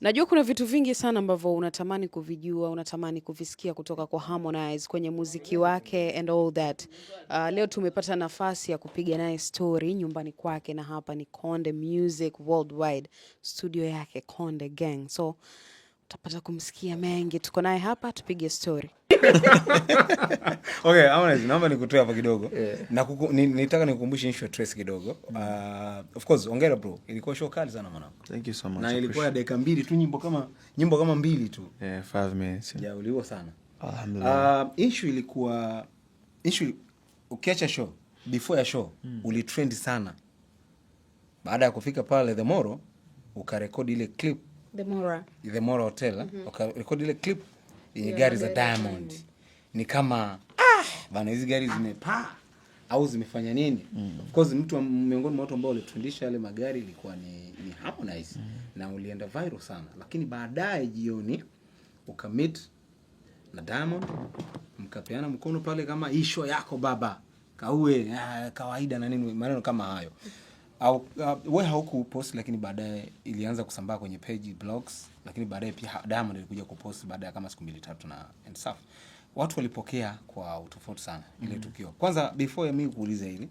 Najua kuna vitu vingi sana ambavyo unatamani kuvijua, unatamani kuvisikia kutoka kwa Harmonize kwenye muziki wake and all that. Uh, leo tumepata nafasi ya kupiga naye story nyumbani kwake na hapa ni Konde Music Worldwide, studio yake Konde Gang. So tapata kumsikia mengi. Tuko naye hapa, tupige stori. Okay, Harmonize, naomba nikutoe hapa kidogo yeah. Na nitaka nikukumbushe issue ya Trace kidogo. Uh, of course, ongera bro, ilikuwa show kali sana mwanangu. Thank you so much. Na ilikuwa ya dakika mbili tu, nyimbo kama nyimbo kama mbili tu. Yeah, 5 minutes. Yeah, uliwa sana. Alhamdulillah. Uh, issue ilikuwa issue ukiacha show before ya show mm. Ulitrend sana baada ya kufika pale The Moro ukarekodi ile clip The Mora, The Mora Hotel mm -hmm. ile clip yenye gari za Diamond ni kama ah, bana hizi gari zimepaa au zimefanya nini? mm. Of course mtu miongoni mwa watu ambao walitundisha yale magari ilikuwa ni, ni Harmonize mm. na ulienda viral sana, lakini baadaye jioni ukamit na Diamond mkapeana mkono pale kama isho yako baba kauwe ah, kawaida na nini, maneno kama hayo au uh, we haukupost lakini baadaye ilianza kusambaa kwenye page blogs, lakini baadaye pia Diamond alikuja kupost baada ya kama siku mbili tatu na and stuff. Watu walipokea kwa utofauti sana ile mm -hmm. tukio. Kwanza before ya mimi kuuliza hili,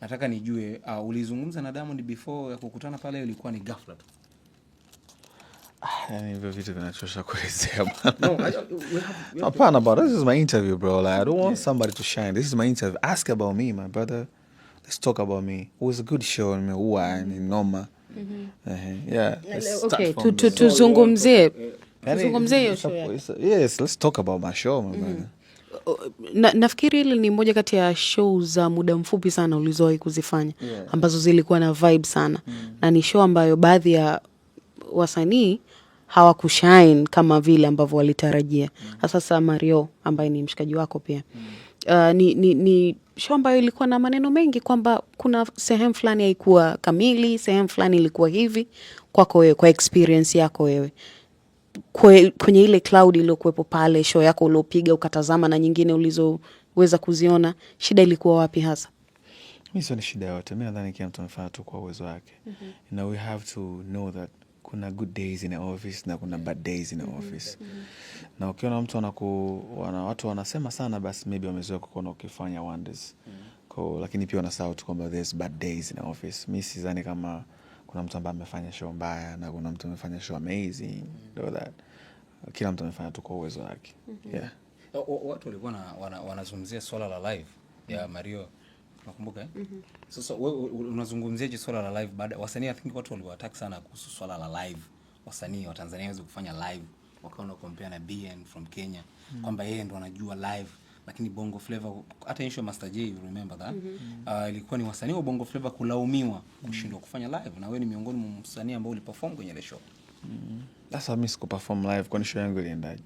nataka nijue uh, ulizungumza na Diamond before ya kukutana pale, ilikuwa ni ghafla tu? Yani ah, hivyo vitu vinachosha kuelezea bana. Hapana bro, this is my interview bro. Like, I don't want yeah. somebody to shine. This is my interview. Ask about me my brother let's talk about me. It was a good show, Yes, let's talk about my show mm -hmm. Na, nafikiri hili ni moja kati ya show za muda mfupi sana ulizowahi kuzifanya yeah, ambazo zilikuwa na vibe sana mm -hmm. na ni show ambayo baadhi ya wasanii hawakushine kama vile ambavyo walitarajia. mm -hmm. Sasa Mario ambaye ni mshikaji wako pia mm -hmm. uh, ni, ni, ni show ambayo ilikuwa na maneno mengi kwamba kuna sehemu fulani haikuwa kamili, sehemu fulani ilikuwa hivi kwako wewe, kwa experience yako wewe kwe, kwenye ile cloud iliyokuwepo pale, show yako uliopiga ukatazama na nyingine ulizoweza kuziona, shida ilikuwa wapi hasa? Mi ni shida yote, mi nadhani kila mtu amefanya tu kwa uwezo wake. mm -hmm. Now we have to know that kuna good days in the office na kuna bad days in the mm-hmm. office. Mm -hmm. Na ukiona mtu anaku, wana, watu wanasema sana basi maybe wamezoea kukona ukifanya wonders. Mm -hmm. Kwa, lakini pia wanasahau tu kwamba there's bad days in the office. Mimi sidhani kama kuna mtu ambaye amefanya show mbaya na kuna mtu amefanya show amazing. Mm -hmm. That. Kila mtu amefanya tu kwa uwezo wake. Mm -hmm. Yeah. Watu walikuwa wanazungumzia swala la live ya mm -hmm. Mario Nakumbuka eh? mm -hmm. Sasa wewe unazungumziaje swala la live baada wasanii, I think watu waliwataka sana kuhusu swala la live, wasanii wa Tanzania waweze kufanya live, wakaona compare na BN from Kenya mm -hmm. kwamba yeye ndo anajua live lakini Bongo Flava hata issue Master J you remember that mm -hmm. uh, ilikuwa ni wasanii wa Bongo Flava kulaumiwa mm -hmm. kushindwa kufanya live, na wewe ni miongoni mwa msanii ambao uliperform kwenye ile show mm. -hmm. Sasa mimi sikuperform live, kwani show yangu iliendaje?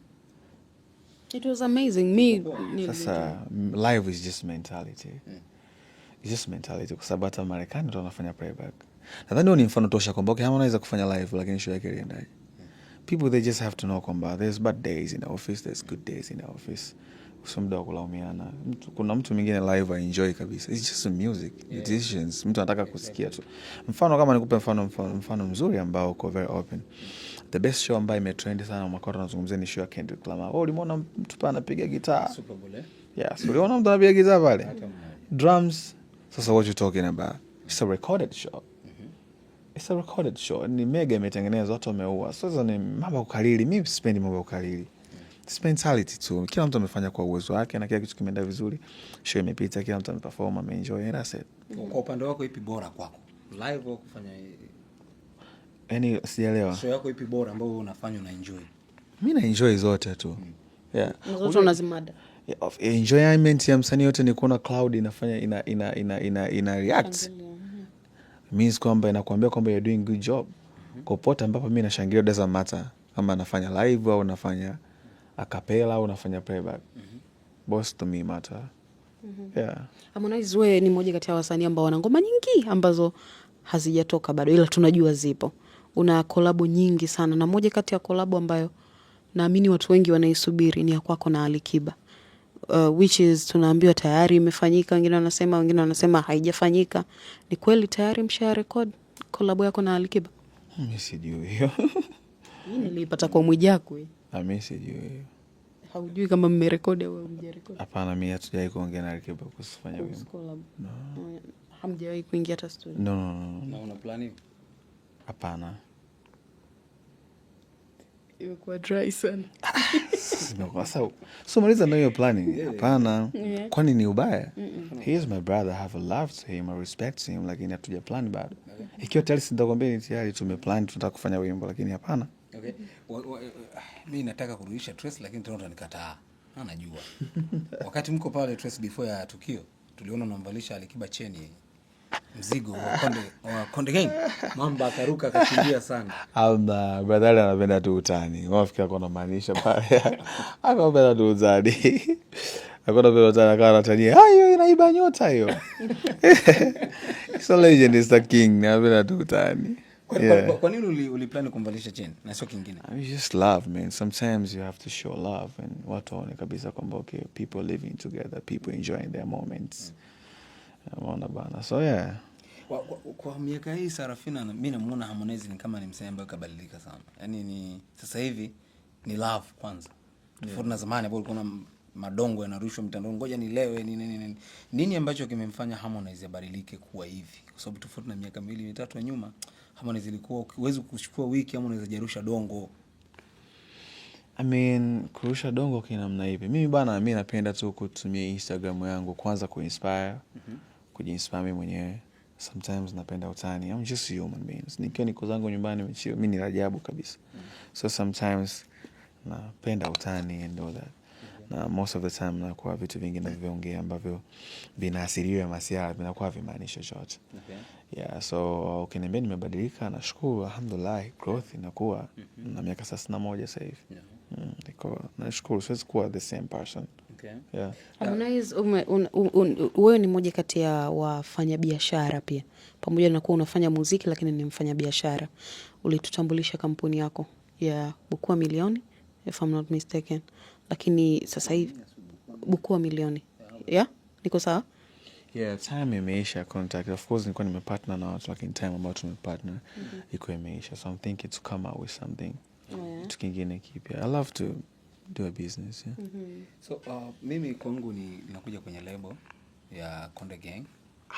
It was amazing me. Sasa live is just mentality mm. It's just mentality kwa sababu hata Marekani ndio wanafanya playback. Nadhani huo ni mfano tosha kwamba okay, Harmonize kufanya live lakini show yake iliendaje? People they just have to know kwamba there's bad days in the office, there's good days in the office. Sio muda wa kulaumiana. Kuna mtu mwingine live aenjoy kabisa. It's just music, yeah. Mtu anataka kusikia tu. Mfano kama nikupe mfano, mfano, mfano mzuri ambao uko very open. The best show ambayo imetrend sana mwaka huu tunazungumzia ni show ya Kendrick Lamar. Wewe oh, ulimuona mtu pale anapiga gitaa? Super Bowl. Eh? Yes, uliona mtu anapiga gitaa pale? Drums sasa what you talking about? It's a recorded show. Mm-hmm. It's a recorded show. Ni mega imetengenezwa, watu wameua. Sasa ni mambo ya ukalili Mimi sipendi mambo ya ukalili It's mentality tu. Kila mtu amefanya kwa uwezo wake na kila kitu kimeenda vizuri. Show imepita, kila mtu ameperform, ameenjoy and that's it. Kwa upande wako ipi bora kwako? Live au kufanya yani sijaelewa. Show yako ipi bora ambayo unafanya una enjoy? Mimi na enjoy zote tu. mm. Yeah. Zote unazimada of enjoyment ya msanii yote ni kuona cloud inafanya ina, ina, ina, ina, ina react mhm. means kwamba inakuambia kwamba you're doing good job mhm. popote ambapo mi nashangilia, doesn't matter kama nafanya live au nafanya akapela au nafanya playback mhm. Boss to me matter mm -hmm. Yeah. Harmonize, wewe ni mmoja kati ya wasanii ambao wana ngoma nyingi ambazo hazijatoka bado, ila tunajua zipo. Una kolabo nyingi sana, na moja kati ya kolabo ambayo naamini watu wengi wanaisubiri ni ya kwako na Alikiba uh, which is tunaambiwa tayari imefanyika, wengine wanasema, wengine wanasema haijafanyika. Ni kweli tayari msha record collab yako na Alikiba? mi sijui hiyo hii niliipata kwa Mwijaku. mi sijui hiyo. Haujui kama mmerekodi au mjarekodi Hapana, mi hatujawai kuongea na Alikiba kuhusu kufanya collab. kuingia hata studio? No, no, no. Na una plani? Hapana imekuwa dry sana na hiyo planning hapana kwani ni ubaya mm my brother have a love to him I respect him lakini hatuja plan bado ikiwa tayari sitakwambia ni tayari tumeplani tunataka kufanya wimbo lakini hapana okay. Ah, mi nataka kurudisha trace lakini tena utanikataa anajua wakati mko pale trace before ya tukio tuliona unamvalisha alikiba cheni mzigo wa konde, wa konde gang mamba akaruka akakimbia sana. Amna badhali anapenda tu utani, Wafikia kwa anamaanisha pale, Akaomba tu uzadi. akona penda utani, akawa anatania ah, hiyo inaiba nyota hiyo so legend is the king, anapenda tu utani. Kwa nini uli, uli plan kumvalisha chain na sio kingine? I just love man. Sometimes you have to show love and watu waone kabisa kwamba okay, people living together, people enjoying their moments. Mm. Umeona bana, so yeah. Kwa, kwa, kwa miaka hii Sarafina mi namuona Harmonize ni kama ni msanii ambaye kabadilika sana, yaani ni sasa hivi ni love kwanza tofauti yeah. na zamani ambapo kuna madongo yanarushwa mtandaoni, ngoja nilewe nini nini nini. Nini ambacho kimemfanya Harmonize abadilike kuwa hivi? Kwa sababu tofauti na miaka miwili mitatu ya nyuma, Harmonize ilikuwa huwezi kuchukua wiki ama unaweza jarusha dongo I mean, kurusha dongo kinamna hivi. Mimi bana, mi napenda tu kutumia Instagram yangu kwanza kuinspire mm -hmm kujiinspire mwenyewe. Sometimes napenda utani. I'm just human beings. Nikiwa niko zangu nyumbani nimechill. Mimi ni ajabu kabisa. So sometimes napenda utani and all that. Na most of the time nakuwa vitu vingi navyoongea ambavyo vinaasiriwa masiala vinakuwa havimaanisha chochote. Yeah, so ukiniambia nimebadilika nashukuru alhamdulillah growth inakuwa mm-hmm. na miaka thelathini na moja sasa hivi. Mm, nashukuru siwezi kuwa the same person yeah. wewe ni mmoja kati ya wafanyabiashara pia, pamoja na kuwa unafanya muziki, lakini ni mfanyabiashara. Ulitutambulisha kampuni yako ya Bukua Milioni if I'm not mistaken, lakini sasa hivi Bukua Milioni yeah? niko sawa? Yeah, time imeisha contact. Of course nilikuwa nimepartner na watu lakini time ambayo tumepartner mhm. iko imeisha so I'm thinking to come out with something oh, yeah. kitu kingine kipya I love to do a business yeah. mm -hmm. So uh, mimi kwangu ni nakuja kwenye label ya Konde Gang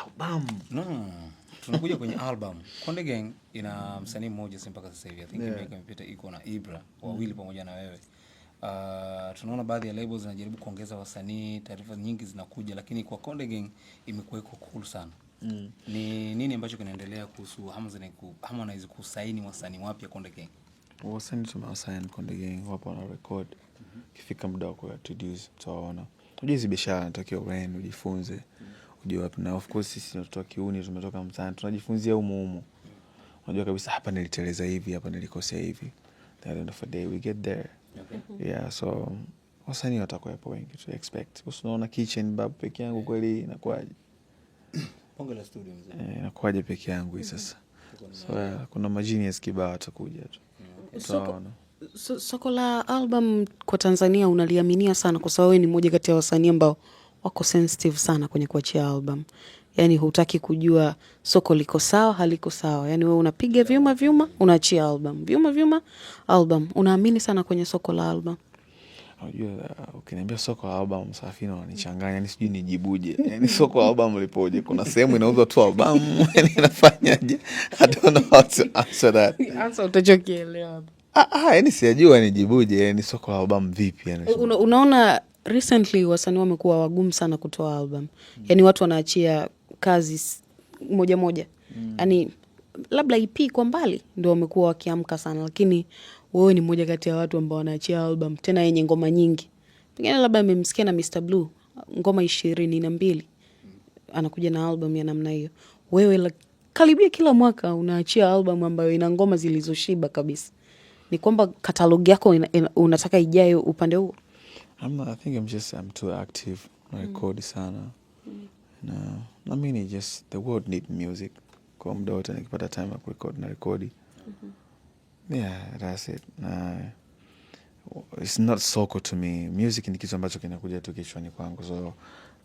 album. No, no, no. Tunakuja kwenye album. Konde Gang ina mm -hmm. msanii mmoja si mpaka sasa hivi I think yeah. Miaka imepita iko na Ibra mm-hmm. wawili mm -hmm. pamoja na wewe. Uh, tunaona baadhi ya labels zinajaribu kuongeza wasanii, taarifa nyingi zinakuja, lakini kwa Konde Gang imekuwa iko cool sana. Mm. Ni nini ambacho kinaendelea kuhusu Harmonize kusaini wasanii wapya Konde Gang? Wasanii tumewasaini Konde Gang, wapo wana record mm. Ikifika muda wa kuwaintroduce tutawaona. ujue hizi biashara inatakiwa uende ujifunze. Ujue wapi na of course sisi ni watoto wa kiume tumetoka mtaani tunajifunzia humu Unajua kabisa hapa niliteleza hivi, hapa nilikosea hivi. At the end of the day we get there. okay. Yeah so wasanii watakuwepo wengi to expect. Unaona kitchen bab peke yangu kweli inakuwaje? Bonge studio mzee. Eh, inakuwaje peke yangu hii sasa? So yeah, kuna ma genius kibao watakuja tu. so, So, soko la album kwa Tanzania unaliaminia sana kwa sababu wewe ni mmoja kati ya wasanii ambao wako sensitive sana kwenye kuachia album. Yaani hutaki kujua soko liko sawa haliko sawa. Yaani wewe unapiga vyuma vyuma unaachia album. Vyuma vyuma album. Unaamini sana kwenye soko la album. Unajua uh, ukiniambia soko la album safi na unanichanganya, yani sijui nijibuje. Yaani soko la album lipoje? Kuna sehemu inauzwa tu album, yani inafanyaje? I don't know how to answer that. Answer utachokielewa. Ah, ah, yani sijajua nijibuje, yani soko la albamu vipi yani. Una, unaona recently wasanii wamekuwa wagumu sana kutoa album mm. Yani watu wanaachia kazi moja moja mm. Yani labda EP kwa mbali ndio wamekuwa wakiamka sana, lakini wewe ni mmoja kati ya watu ambao wanaachia album tena yenye ngoma nyingi. Pengine labda amemsikia na Mr Blue ngoma ishirini na mbili anakuja na album ya namna hiyo. Wewe la, karibia kila mwaka unaachia album ambayo ina ngoma zilizoshiba kabisa ni kwamba katalogi yako in, in, unataka ijae upande huo? I'm not, I think I'm just I'm too active na record mm. sana mm. na na mimi just the world need music kwa muda wote, nikipata time ya kurekodi na rekodi. Mm-hmm. Yeah, that's it. Na it's not soko to me. Music ni kitu ambacho kinakuja tu kichwani kwangu, so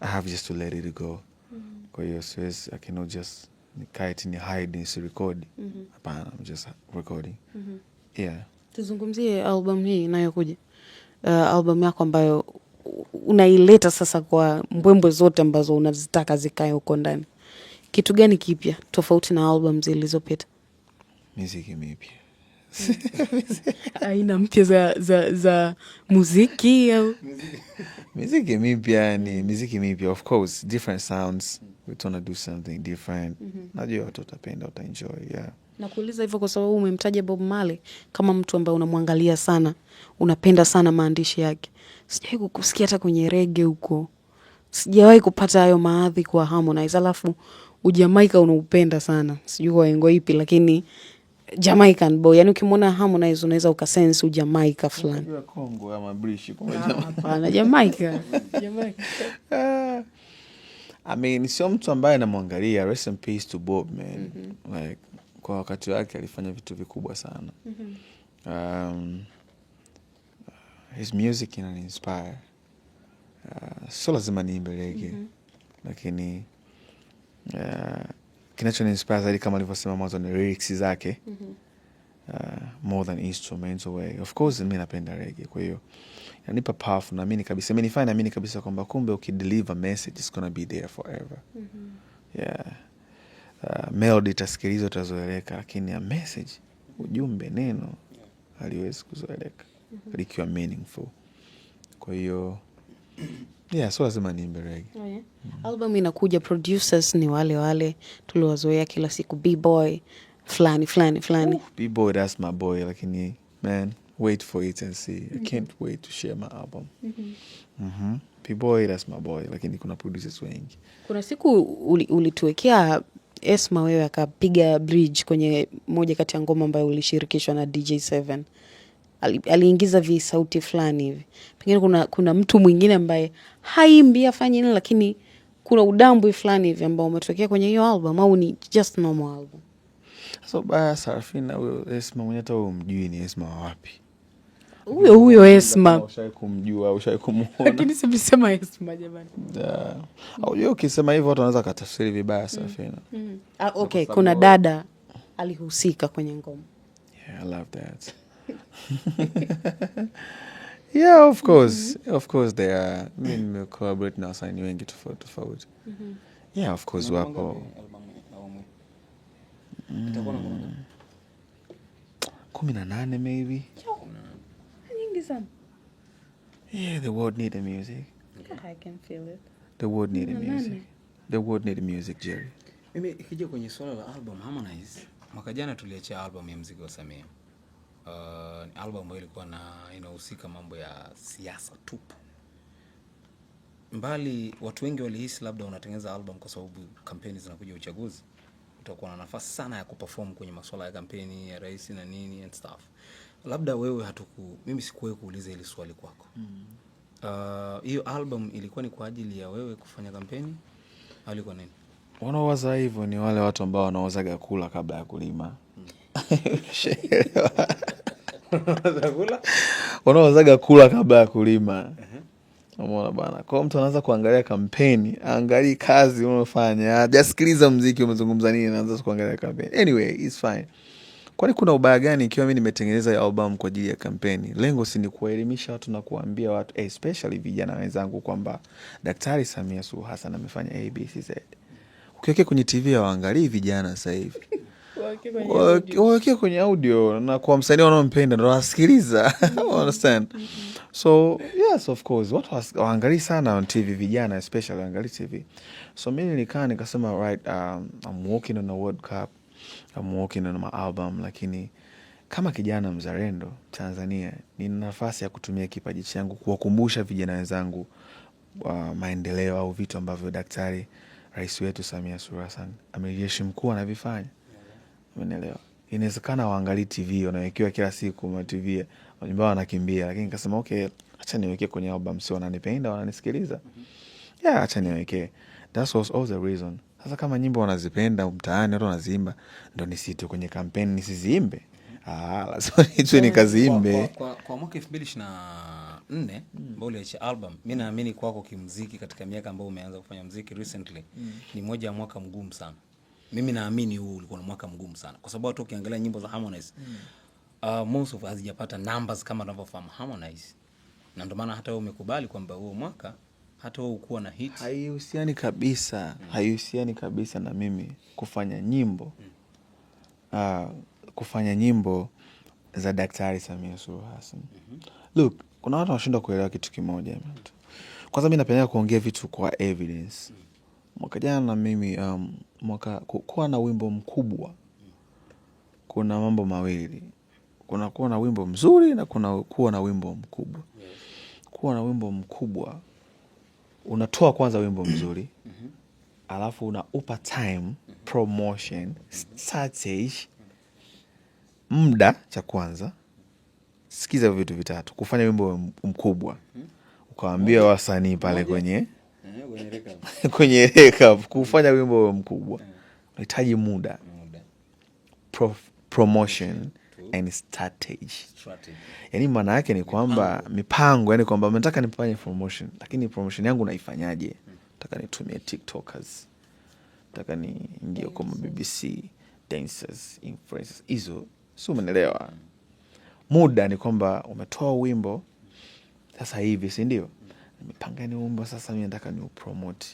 I have just to let it go. Mm-hmm. Kwa hiyo siwezi, I cannot just ni hide mm-hmm. Hapana, I'm just recording. Yeah. Tuzungumzie albamu hii inayokuja, uh, albamu yako ambayo unaileta sasa kwa mbwembwe zote ambazo unazitaka zikae huko ndani. Kitu gani kipya tofauti na albam zilizopita? Miziki mipya aina mpya za, za, za muziki au miziki mipya? Ni miziki mipya, of course different sounds, we wanna do something different. mm -hmm. Najua watu watapenda, wataenjoy yeah. Nakuuliza hivyo kwa sababu umemtaja Bob Marley kama mtu ambaye unamwangalia sana, unapenda sana maandishi yake. Sijawahi kukusikia hata kwenye rege huko, sijawahi kupata hayo maadhi kwa Harmonize. Alafu ujamaika unaupenda sana, sijui kwa engo ipi, lakini Jamaican boy, yani ukimwona Harmonize unaweza ukasense ujamaika fulani. Kongo ama British kwa ah, Hapana, Jamaika. Jamaika. Ah. I mean, sio mtu ambaye namwangalia. Rest in peace to Bob man. Mm -hmm. Like kwa wakati wake alifanya vitu vikubwa sana. mm -hmm. Um, his music inani inspire. Uh, sio lazima niimbe rege. mm -hmm. Lakini uh, ni inspire zaidi kama alivyosema mwanzo ni lyrics zake. mm -hmm. Uh, more than Of course mi napenda rege, kwa hiyo inanipa powerful, naamini kabisa imenifanya naamini kabisa kwamba kumbe ukideliver message gonna be there forever. mm -hmm. yeah uh, melody itasikilizwa, itazoeleka, lakini ya message, ujumbe, neno haliwezi kuzoeleka mhm. likiwa meaningful. Kwa hiyo yeah, so lazima niimbe rege. oh, yeah. mm -hmm. inakuja, producers ni wale wale tuliwazoea kila siku, bboy fulani fulani fulani. Uh, bboy that's my boy, lakini man wait for it and see. I mhm. can't wait to share my album. mm -hmm. Mm -hmm. Bboy that's my boy, lakini kuna producers wengi. Kuna siku ulituwekea uli Esma wewe akapiga bridge kwenye moja kati ya ngoma ambayo ulishirikishwa na DJ7. aliingiza vi sauti fulani hivi. Pengine kuna, kuna mtu mwingine ambaye haimbi afanye nini, lakini kuna udambwi fulani hivi ambao umetokea kwenye hiyo album au ni just normal album? So, baya Sarafina huyo Esma mwenyewe hata umjui ni Esma wapi? huyo huyo Esma, ushawahi kumjua, ushawahi kumuona? Lakini sivisema Esma jamani. Unajua ukisema hivyo watu wanaweza katafsiri vibaya mm. Safina. Mm. mm. Ah, okay, kuna dada alihusika kwenye ngoma. Yeah, I love that. Yeah, of course. Mm -hmm. Of course they are. Mimi nimecollaborate na wasanii wengi tofauti tofauti. Mm -hmm. Yeah, of course wapo. Mm. Kumi na nane maybe. yeah reason. Yeah, the world needed music. Yeah, I can feel it. The world needed music. The world needed music, Jerry. Mimi ikija kwenye swala la album, Harmonize mwaka jana tuliachia album ya mziki wa Samia. Uh, album ambayo ilikuwa na inahusika mambo ya siasa tupu. Mbali watu wengi walihisi labda unatengeneza album kwa sababu kampeni zinakuja, uchaguzi, utakuwa na nafasi sana ya kuperform kwenye masuala ya kampeni ya rais na nini and stuff labda wewe hatuku, mimi sikuwe kuuliza hili swali kwako mm-hmm. uh, hiyo. mm. Uh, album ilikuwa ni kwa ajili ya wewe kufanya kampeni au ilikuwa nini? Wanaowaza hivyo ni wale watu ambao wanaozaga kula kabla ya kulima wanaowazaga kula kabla ya kulima. Mm. Uh-huh. Umeona bana, kwao mtu anaanza kuangalia kampeni, aangalii kazi unayofanya, hajasikiliza mziki umezungumza nini, anaanza kuangalia kampeni. Anyway, it's fine. Mm-hmm. Kwani kuna ubaya gani ikiwa mi nimetengeneza albamu kwa ajili ya kampeni? Lengo si ni kuwaelimisha watu na kuwaambia watu eh, especially vijana wenzangu kwamba Daktari Samia Suluhu Hassan amefanya ABCZ. Ukiwekea kwenye TV hawaangalii vijana sasa hivi. Wawekee kwenye audio na kwa msanii wanaompenda ndo wasikiliza. Understand? So yes of course, watu waangalii sana on TV, vijana especially waangalii TV. So mimi nilikaa nikasema right, um, I'm walking on a World Cup I'm working on my album, lakini kama kijana mzalendo Tanzania, nina nafasi ya kutumia kipaji changu kuwakumbusha vijana wenzangu uh, maendeleo au vitu ambavyo Daktari rais wetu Samia Suluhu Hassan amejeshi mkuu anavifanya. Umeelewa? Inawezekana waangalii TV wanawekewa kila siku ma TV wajumba wanakimbia, lakini nikasema okay, acha niwekee kwenye album, sio wananipenda wananisikiliza, mhm. yeah, acha niwekee. That was all the reason sasa kama nyimbo wanazipenda mtaani watu wanaziimba, ndo nisitie kwenye kampeni nisiziimbe? Ah, Lazima niitwe nikaziimbe. Kwa, mwaka elfu mbili ishirini na nne ambao uliacha album, mi naamini kwako kimziki, katika miaka ambayo umeanza kufanya mziki recently mm. ni moja ya mwaka mgumu sana. Mimi naamini huu ulikuwa na mwaka mgumu sana, kwa sababu hata ukiangalia nyimbo za Harmonize mm. uh, most of hazijapata numbers kama anavyofahamu Harmonize, na ndio maana hata wewe umekubali kwamba huo mwaka hata ukuwa na hit haihusiani kabisa mm. haihusiani kabisa na mimi kufanya nyimbo mm. Uh, kufanya nyimbo za Daktari Samia Suluhu Hassan mm -hmm. Look, kuna watu wanashindwa kuelewa kitu kimoja mm. Kwanza mi napendea kuongea vitu kwa evidence mm. Mwaka jana na mimi um, mwaka kuwa na wimbo mkubwa Kuna mambo mawili, kuna kuwa na wimbo mzuri na kuna kuwa na wimbo mkubwa yeah. Kuwa na wimbo mkubwa unatoa kwanza wimbo mzuri alafu unaupa time promotion stage muda cha kwanza. Sikiza vitu vitatu kufanya wimbo mkubwa, ukawambia wasanii pale kwenye eh, kwenye rekap, kufanya wimbo mkubwa eh. unahitaji muda Prof, promotion and strategy. Strategy. Yani maana yake ni kwamba mipango, yani kwamba nataka nifanye promotion, lakini promotion yangu naifanyaje? Hmm. Nataka nitumie TikTokers, nataka niingie kwa BBC dancers, influencers, hizo si hmm. Muda ni kwamba umetoa wimbo sasa hivi, si ndio? Nimepanga ni wimbo sasa, mimi nataka ni upromote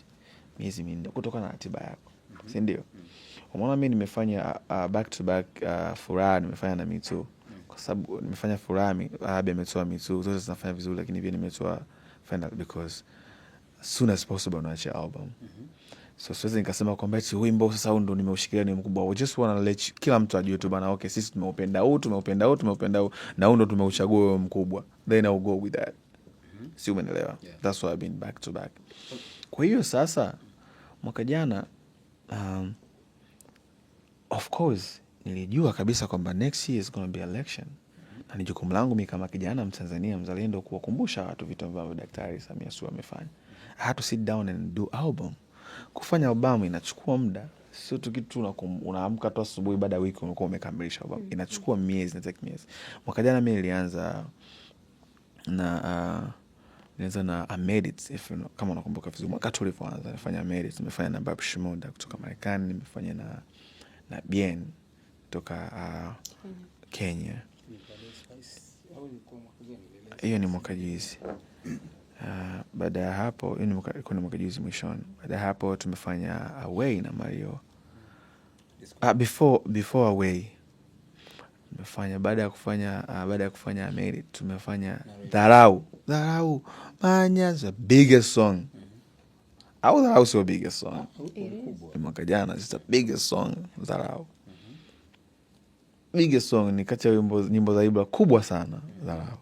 miezi minne kutokana na ratiba yako, hmm. si ndio? Hmm. Umeona, mi nimefanya uh, uh, back to back uh, furaha nimefanya na mitu kwa sababu nimefanya furaha mi, uh, abi ametoa mitu zote zinafanya vizuri, lakini pia nimetoa final because soon as possible unaacha album mm -hmm. So siwezi nikasema kwamba eti wimbo sasa huu ndo nimeushikilia ni mkubwa. We just wanna let you, kila mtu ajue tu bana, okay, sisi tumeupenda huu tumeupenda huu tumeupenda huu na huu ndo tumeuchagua wewe mkubwa, then I'll go with that mm -hmm. si umeelewa? Yeah. That's why I've been back to back. Kwa hiyo sasa mwaka jana um, Of course nilijua kabisa kwamba next year is gonna be election na ni jukumu langu mimi kama kijana Mtanzania mzalendo kuwakumbusha watu vitu ambavyo Daktari Samia Suluhu amefanya. I had to sit down and do album. Kufanya albamu inachukua muda, sio tu kitu unaamka tu asubuhi, baada ya wiki umekuwa umekamilisha albamu. Mm-hmm. Inachukua miezi na take miezi. Mwaka jana mimi nilianza na uh, nilianza na Amedit if you know, kama unakumbuka vizuri mwaka tulivyoanza nilifanya Amedit, nimefanya na Babu Shimoda kutoka Marekani, nimefanya na na Bien toka uh, Kenya. Hiyo ni mwaka juzi. Uh, baada ya hapo kuna mwaka juzi mwishoni. Baada ya hapo tumefanya away na Mario. Uh, before, before away tumefanya baada ya kufanya uh, baada ya kufanya Ameri tumefanya dharau dharau manya the biggest song au dharau sio biggest song ni mwaka jana sita biggest song dharau biggest song ni kati ya nyimbo za ibra kubwa sana dharau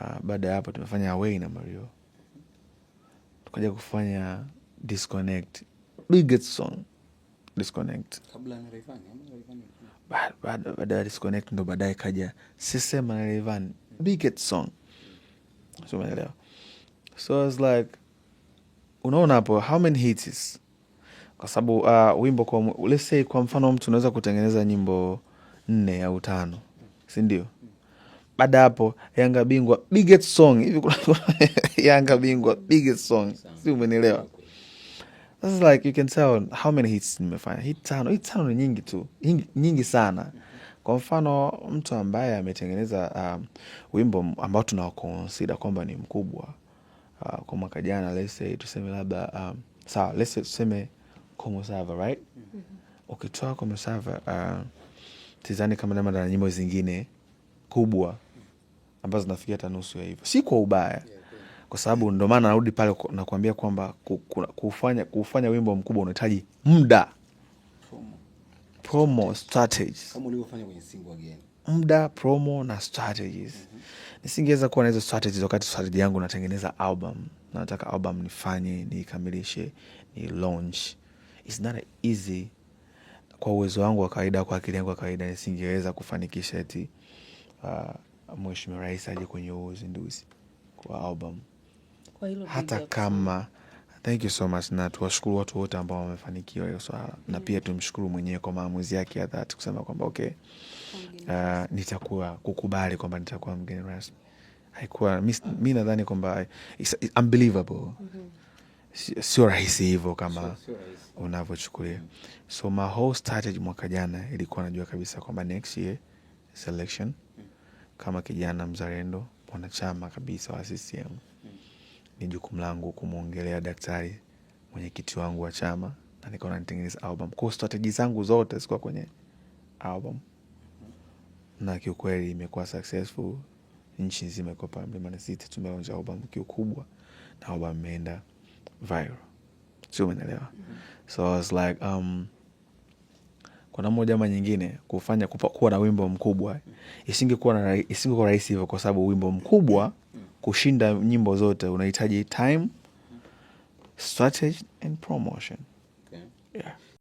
uh, baada ya hapo tumefanya away na mario tukaja kufanya disconnect biggest song disconnect baada ya disconnect ndo baadaye kaja sisema na Rayvanny biggest song so umeelewa so I was like unaona hapo how many hits, kwa sababu uh, wimbo kwa let's say, kwa mfano mtu unaweza kutengeneza nyimbo nne au tano, si ndio? Baada hapo Yanga bingwa biggest song hivi Yanga bingwa biggest song, si umenielewa? This is like you can tell how many hits nimefanya. Hit tano, hit tano ni nyingi tu, nyingi, nyingi sana. Kwa mfano mtu ambaye ametengeneza um, wimbo ambao tunaokonsida kwamba ni mkubwa uh, kwa mwaka jana let's say tuseme labda um, sawa let's say tuseme Komusava right? mm -hmm. Ukitoa Komusava uh, tizani kama nama na nyimbo zingine kubwa ambazo zinafikia hata nusu ya hivyo, si kwa ubaya, kwa sababu ndo maana narudi pale nakuambia kwamba kufanya, kufanya wimbo mkubwa unahitaji muda, promo strategies kama ulivyofanya kwenye single again muda, promo na strategies. Nisingeweza kuwa na hizo strategies wakati strategy yangu natengeneza album. Nataka album nifanye, niikamilishe, ni launch. It's not easy kwa uwezo wangu wa kawaida, kwa akili yangu ya kawaida nisingeweza kufanikisha eti uh, Mheshimiwa Rais aje kwenye uzinduzi kwa album. Hata kama Thank you so much na tuwashukuru watu wote ambao wamefanikiwa hiyo swala mm na pia mm-hmm. tumshukuru mwenyewe kwa maamuzi yake ya dhati kusema kwamba okay, uh, nitakuwa kukubali kwamba nitakuwa mgeni rasmi. Haikuwa mi nadhani kwamba unbelievable mm -hmm. sio rahisi hivyo kama unavyochukulia. So my whole strategy mwaka jana ilikuwa najua kabisa kwamba next year selection, mm. kama kijana mzalendo mwanachama kabisa wa CCM ni jukumu langu kumwongelea daktari mwenyekiti wangu wa chama, na nikaona nitengeneza album. Kwa strategy zangu zote zikuwa kwenye album, na kiukweli imekuwa successful. Nchi nzima iko pale Mlimani City, tumeonja album kiukubwa na album imeenda viral, sio? Umeelewa? Mm-hmm. So I was like um, kwa namna moja ama nyingine kufanya kuwa na wimbo mkubwa isingekuwa rahisi hivyo, kwa sababu wimbo mkubwa mm -hmm kushinda nyimbo zote unahitaji time, strategy and promotion. Okay. Yeah.